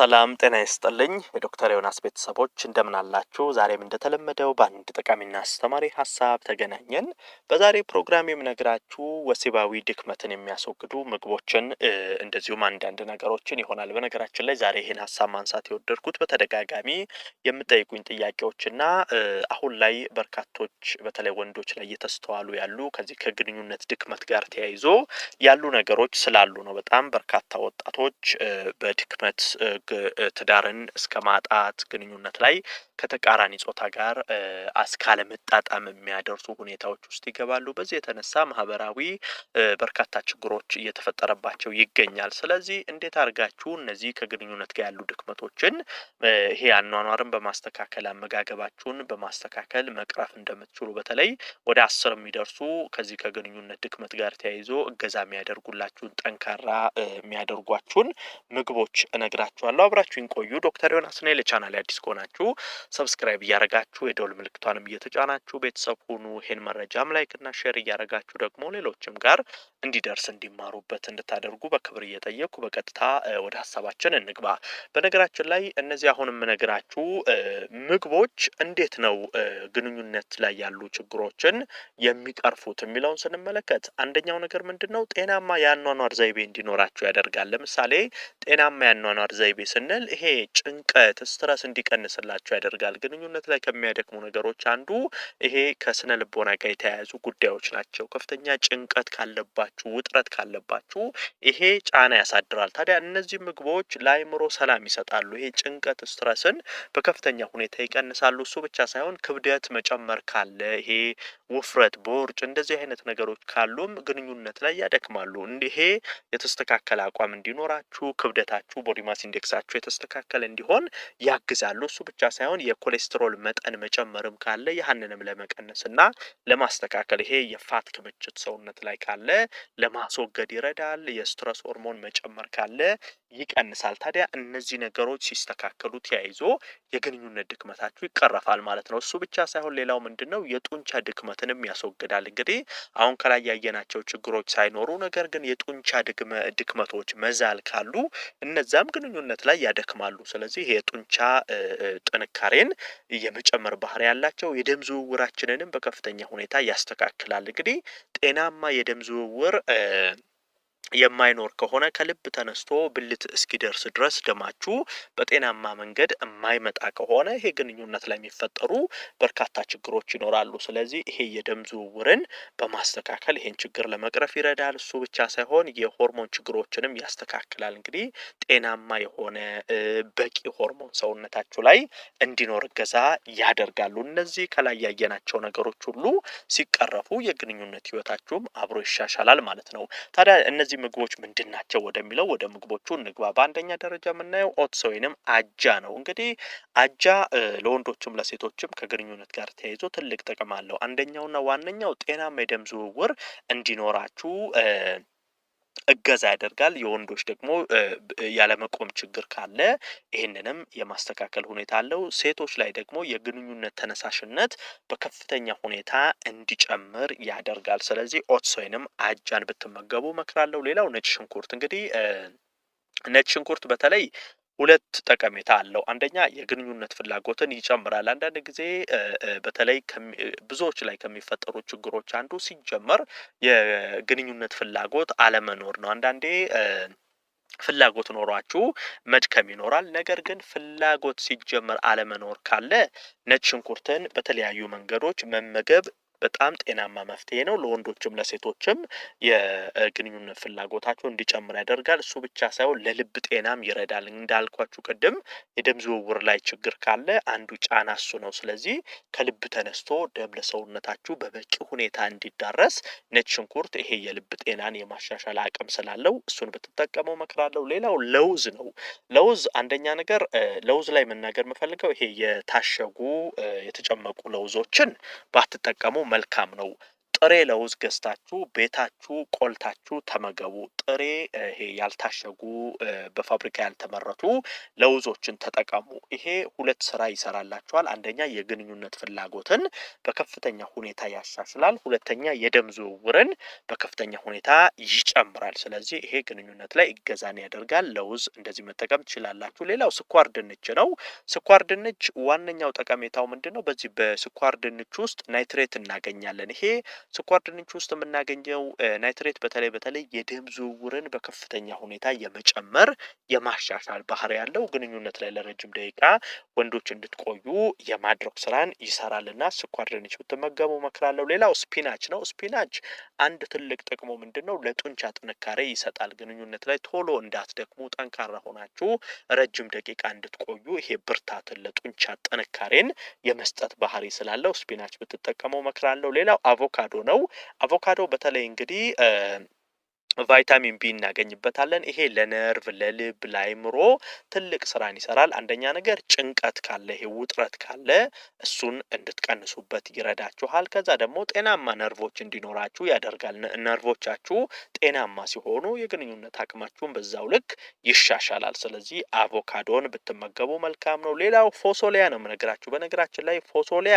ሰላም ጤና ይስጥልኝ የዶክተር ዮናስ ቤተሰቦች እንደምን አላችሁ? ዛሬም እንደተለመደው በአንድ ጠቃሚና አስተማሪ ሀሳብ ተገናኘን። በዛሬ ፕሮግራም የምነግራችሁ ወሲባዊ ድክመትን የሚያስወግዱ ምግቦችን እንደዚሁም አንዳንድ ነገሮችን ይሆናል። በነገራችን ላይ ዛሬ ይህን ሀሳብ ማንሳት የወደድኩት በተደጋጋሚ የምጠይቁኝ ጥያቄዎችና አሁን ላይ በርካቶች በተለይ ወንዶች ላይ እየተስተዋሉ ያሉ ከዚህ ከግንኙነት ድክመት ጋር ተያይዞ ያሉ ነገሮች ስላሉ ነው። በጣም በርካታ ወጣቶች በድክመት ትዳርን እስከ ማጣት ግንኙነት ላይ ከተቃራኒ ጾታ ጋር አስካለ መጣጣም የሚያደርሱ ሁኔታዎች ውስጥ ይገባሉ። በዚህ የተነሳ ማህበራዊ በርካታ ችግሮች እየተፈጠረባቸው ይገኛል። ስለዚህ እንዴት አድርጋችሁ እነዚህ ከግንኙነት ጋር ያሉ ድክመቶችን ይሄ አኗኗርን በማስተካከል አመጋገባችሁን በማስተካከል መቅረፍ እንደምትችሉ በተለይ ወደ አስር የሚደርሱ ከዚህ ከግንኙነት ድክመት ጋር ተያይዞ እገዛ የሚያደርጉላችሁን ጠንካራ የሚያደርጓችሁን ምግቦች እነግራችኋለሁ። አመሰግናለሁ። አብራችሁን ቆዩ። ዶክተር ዮናስ ነኝ። ለቻናል አዲስ ከሆናችሁ ሰብስክራይብ እያረጋችሁ የደውል ምልክቷንም እየተጫናችሁ ቤተሰብ ሁኑ። ይህን መረጃም እና ሼር እያረጋችሁ ደግሞ ሌሎችም ጋር እንዲደርስ እንዲማሩበት እንድታደርጉ በክብር እየጠየቁ በቀጥታ ወደ ሀሳባችን እንግባ። በነገራችን ላይ እነዚህ አሁን የምነግራችሁ ምግቦች እንዴት ነው ግንኙነት ላይ ያሉ ችግሮችን የሚቀርፉት የሚለውን ስንመለከት አንደኛው ነገር ምንድን ነው ጤናማ የአኗኗር ዘይቤ እንዲኖራችሁ ያደርጋል። ለምሳሌ ጤናማ የአኗኗር ዘይቤ ስንል ይሄ ጭንቀት ስትረስ እንዲቀንስላቸው ያደርጋል። ግንኙነት ላይ ከሚያደክሙ ነገሮች አንዱ ይሄ ከስነ ልቦና ጋር የተያያዙ ጉዳዮች ናቸው። ከፍተኛ ጭንቀት ካለባችሁ፣ ውጥረት ካለባችሁ ይሄ ጫና ያሳድራል። ታዲያ እነዚህ ምግቦች ለአይምሮ ሰላም ይሰጣሉ። ይሄ ጭንቀት ስትረስን በከፍተኛ ሁኔታ ይቀንሳሉ። እሱ ብቻ ሳይሆን ክብደት መጨመር ካለ ይሄ ውፍረት፣ ቦርጭ እንደዚህ አይነት ነገሮች ካሉም ግንኙነት ላይ ያደክማሉ። ይሄ የተስተካከለ አቋም እንዲኖራችሁ ክብደታችሁ ቦዲማስ ኢንዴክስ ጥርሳቸው የተስተካከለ እንዲሆን ያግዛሉ። እሱ ብቻ ሳይሆን የኮሌስትሮል መጠን መጨመርም ካለ ያህንንም ለመቀነስ እና ለማስተካከል ይሄ የፋት ክምችት ሰውነት ላይ ካለ ለማስወገድ ይረዳል። የስትረስ ሆርሞን መጨመር ካለ ይቀንሳል። ታዲያ እነዚህ ነገሮች ሲስተካከሉ ተያይዞ የግንኙነት ድክመታችሁ ይቀረፋል ማለት ነው። እሱ ብቻ ሳይሆን ሌላው ምንድን ነው የጡንቻ ድክመትንም ያስወግዳል። እንግዲህ አሁን ከላይ ያየናቸው ችግሮች ሳይኖሩ ነገር ግን የጡንቻ ድክመቶች መዛል ካሉ እነዛም ግንኙነት ሰውነት ላይ ያደክማሉ። ስለዚህ የጡንቻ ጥንካሬን የመጨመር ባህሪ ያላቸው የደም ዝውውራችንንም በከፍተኛ ሁኔታ ያስተካክላል። እንግዲህ ጤናማ የደም ዝውውር የማይኖር ከሆነ ከልብ ተነስቶ ብልት እስኪደርስ ድረስ ደማችሁ በጤናማ መንገድ የማይመጣ ከሆነ ይሄ ግንኙነት ላይ የሚፈጠሩ በርካታ ችግሮች ይኖራሉ። ስለዚህ ይሄ የደም ዝውውርን በማስተካከል ይሄን ችግር ለመቅረፍ ይረዳል። እሱ ብቻ ሳይሆን የሆርሞን ችግሮችንም ያስተካክላል። እንግዲህ ጤናማ የሆነ በቂ ሆርሞን ሰውነታችሁ ላይ እንዲኖር እገዛ ያደርጋሉ። እነዚህ ከላይ ያየናቸው ነገሮች ሁሉ ሲቀረፉ የግንኙነት ህይወታችሁም አብሮ ይሻሻላል ማለት ነው። ታዲያ እነዚህ እነዚህ ምግቦች ምንድን ናቸው ወደሚለው ወደ ምግቦቹ እንግባ። በአንደኛ ደረጃ የምናየው ኦትስ ወይንም አጃ ነው። እንግዲህ አጃ ለወንዶችም ለሴቶችም ከግንኙነት ጋር ተያይዞ ትልቅ ጥቅም አለው። አንደኛውና ዋነኛው ጤናማ የደም ዝውውር እንዲኖራችሁ እገዛ ያደርጋል። የወንዶች ደግሞ ያለመቆም ችግር ካለ ይህንንም የማስተካከል ሁኔታ አለው። ሴቶች ላይ ደግሞ የግንኙነት ተነሳሽነት በከፍተኛ ሁኔታ እንዲጨምር ያደርጋል። ስለዚህ ኦትስ ወይንም አጃን ብትመገቡ እመክራለሁ። ሌላው ነጭ ሽንኩርት እንግዲህ ነጭ ሽንኩርት በተለይ ሁለት ጠቀሜታ አለው። አንደኛ የግንኙነት ፍላጎትን ይጨምራል። አንዳንድ ጊዜ በተለይ ብዙዎች ላይ ከሚፈጠሩ ችግሮች አንዱ ሲጀመር የግንኙነት ፍላጎት አለመኖር ነው። አንዳንዴ ፍላጎት ኖሯችሁ መድከም ይኖራል። ነገር ግን ፍላጎት ሲጀመር አለመኖር ካለ ነጭ ሽንኩርትን በተለያዩ መንገዶች መመገብ በጣም ጤናማ መፍትሄ ነው። ለወንዶችም ለሴቶችም የግንኙነት ፍላጎታቸው እንዲጨምር ያደርጋል። እሱ ብቻ ሳይሆን ለልብ ጤናም ይረዳል። እንዳልኳችሁ ቅድም የደም ዝውውር ላይ ችግር ካለ አንዱ ጫና እሱ ነው። ስለዚህ ከልብ ተነስቶ ደም ለሰውነታችሁ በበቂ ሁኔታ እንዲዳረስ ነጭ ሽንኩርት ይሄ የልብ ጤናን የማሻሻል አቅም ስላለው እሱን ብትጠቀመው መክራለሁ። ሌላው ለውዝ ነው። ለውዝ አንደኛ ነገር ለውዝ ላይ መናገር የምፈልገው ይሄ የታሸጉ የተጨመቁ ለውዞችን ባትጠቀሙ መልካም ነው ጥሬ ለውዝ ገዝታችሁ ቤታችሁ ቆልታችሁ ተመገቡ። ጥሬ ይሄ ያልታሸጉ በፋብሪካ ያልተመረቱ ለውዞችን ተጠቀሙ። ይሄ ሁለት ስራ ይሰራላችኋል። አንደኛ የግንኙነት ፍላጎትን በከፍተኛ ሁኔታ ያሻሽላል። ሁለተኛ የደም ዝውውርን በከፍተኛ ሁኔታ ይጨምራል። ስለዚህ ይሄ ግንኙነት ላይ እገዛን ያደርጋል። ለውዝ እንደዚህ መጠቀም ትችላላችሁ። ሌላው ስኳር ድንች ነው። ስኳር ድንች ዋነኛው ጠቀሜታው ምንድን ነው? በዚህ በስኳር ድንች ውስጥ ናይትሬት እናገኛለን። ይሄ ስኳር ድንች ውስጥ የምናገኘው ናይትሬት በተለይ በተለይ የደም ዝውውርን በከፍተኛ ሁኔታ የመጨመር የማሻሻል ባህሪ ያለው ግንኙነት ላይ ለረጅም ደቂቃ ወንዶች እንድትቆዩ የማድረግ ስራን ይሰራልና ስኳር ድንች ብትመገቡ እመክራለሁ። ሌላው ስፒናች ነው። ስፒናች አንድ ትልቅ ጥቅሙ ምንድን ነው? ለጡንቻ ጥንካሬ ይሰጣል። ግንኙነት ላይ ቶሎ እንዳትደክሙ፣ ጠንካራ ሆናችሁ ረጅም ደቂቃ እንድትቆዩ ይሄ ብርታትን ለጡንቻ ጥንካሬን የመስጠት ባህሪ ስላለው ስፒናች ብትጠቀመው እመክራለሁ። ሌላው አቮካዶ ነው። አቮካዶ በተለይ እንግዲህ ቫይታሚን ቢ እናገኝበታለን። ይሄ ለነርቭ ለልብ ለአይምሮ ትልቅ ስራን ይሰራል። አንደኛ ነገር ጭንቀት ካለ ይሄ ውጥረት ካለ እሱን እንድትቀንሱበት ይረዳችኋል። ከዛ ደግሞ ጤናማ ነርቮች እንዲኖራችሁ ያደርጋል። ነርቮቻችሁ ጤናማ ሲሆኑ የግንኙነት አቅማችሁን በዛው ልክ ይሻሻላል። ስለዚህ አቮካዶን ብትመገቡ መልካም ነው። ሌላው ፎሶሊያ ነው የምነግራችሁ። በነገራችን ላይ ፎሶሊያ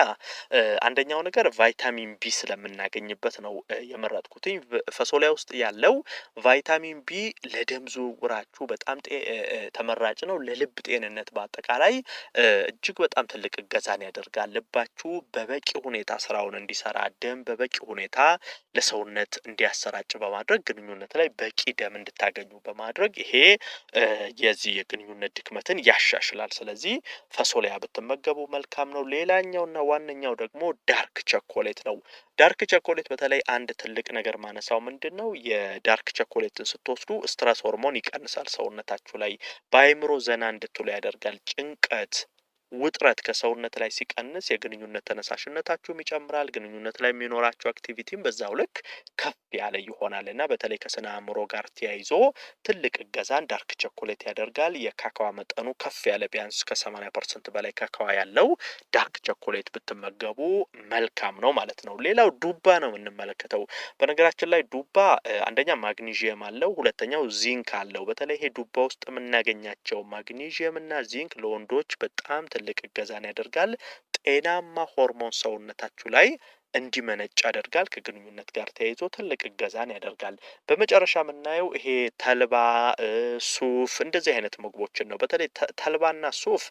አንደኛው ነገር ቫይታሚን ቢ ስለምናገኝበት ነው የመረጥኩትኝ። ፎሶሊያ ውስጥ ያለው ቫይታሚን ቢ ለደም ዝውውራችሁ በጣም ተመራጭ ነው። ለልብ ጤንነት በአጠቃላይ እጅግ በጣም ትልቅ እገዛን ያደርጋል። ልባችሁ በበቂ ሁኔታ ስራውን እንዲሰራ ደም በበቂ ሁኔታ ለሰውነት እንዲያሰራጭ በማድረግ ግንኙነት ላይ በቂ ደም እንድታገኙ በማድረግ ይሄ የዚህ የግንኙነት ድክመትን ያሻሽላል። ስለዚህ ፈሶሊያ ብትመገቡ መልካም ነው። ሌላኛውና ዋነኛው ደግሞ ዳርክ ቸኮሌት ነው። ዳርክ ቸኮሌት በተለይ አንድ ትልቅ ነገር ማነሳው ምንድን ነው የዳርክ ቸኮሌትን ስትወስዱ ስትረስ ሆርሞን ይቀንሳል ሰውነታችሁ ላይ በአይምሮ ዘና እንድትሉ ያደርጋል ጭንቀት ውጥረት ከሰውነት ላይ ሲቀንስ የግንኙነት ተነሳሽነታችሁም ይጨምራል። ግንኙነት ላይ የሚኖራቸው አክቲቪቲም በዛው ልክ ከፍ ያለ ይሆናል እና በተለይ ከስነ አእምሮ ጋር ተያይዞ ትልቅ እገዛን ዳርክ ቸኮሌት ያደርጋል። የካካዋ መጠኑ ከፍ ያለ ቢያንስ ከ ፐርሰንት በላይ ካካዋ ያለው ዳርክ ቸኮሌት ብትመገቡ መልካም ነው ማለት ነው። ሌላው ዱባ ነው የምንመለከተው። በነገራችን ላይ ዱባ አንደኛ ማግኒዥየም አለው፣ ሁለተኛው ዚንክ አለው። በተለይ ይሄ ዱባ ውስጥ የምናገኛቸው ማግኒዥየም እና ዚንክ ለወንዶች በጣም ትልቅ እገዛን ያደርጋል። ጤናማ ሆርሞን ሰውነታችሁ ላይ እንዲመነጭ ያደርጋል። ከግንኙነት ጋር ተያይዞ ትልቅ እገዛን ያደርጋል። በመጨረሻ የምናየው ይሄ ተልባ ሱፍ እንደዚህ አይነት ምግቦችን ነው። በተለይ ተልባና ሱፍ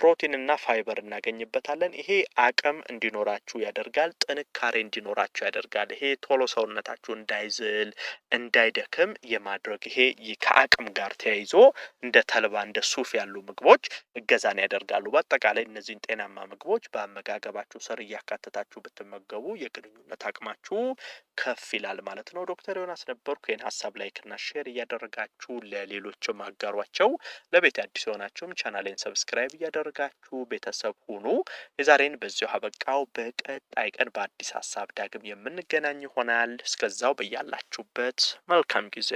ፕሮቲንና ፋይበር እናገኝበታለን። ይሄ አቅም እንዲኖራችሁ ያደርጋል። ጥንካሬ እንዲኖራችሁ ያደርጋል። ይሄ ቶሎ ሰውነታችሁ እንዳይዝል እንዳይደክም የማድረግ ይሄ ከአቅም ጋር ተያይዞ እንደ ተልባ እንደ ሱፍ ያሉ ምግቦች እገዛን ያደርጋሉ። በአጠቃላይ እነዚህን ጤናማ ምግቦች በአመጋገባችሁ ስር እያካተታችሁ ብትመግ ስትመገቡ የግንኙነት አቅማችሁ ከፍ ይላል ማለት ነው። ዶክተር ዮናስ ነበርኩ። ይህን ሀሳብ ላይክና ሼር እያደረጋችሁ ለሌሎችም አጋሯቸው። ለቤት አዲስ የሆናችሁም ቻናሌን ሰብስክራይብ እያደረጋችሁ ቤተሰብ ሁኑ። የዛሬን በዚሁ አበቃው። በቀጣይ ቀን በአዲስ ሀሳብ ዳግም የምንገናኝ ይሆናል። እስከዛው በያላችሁበት መልካም ጊዜ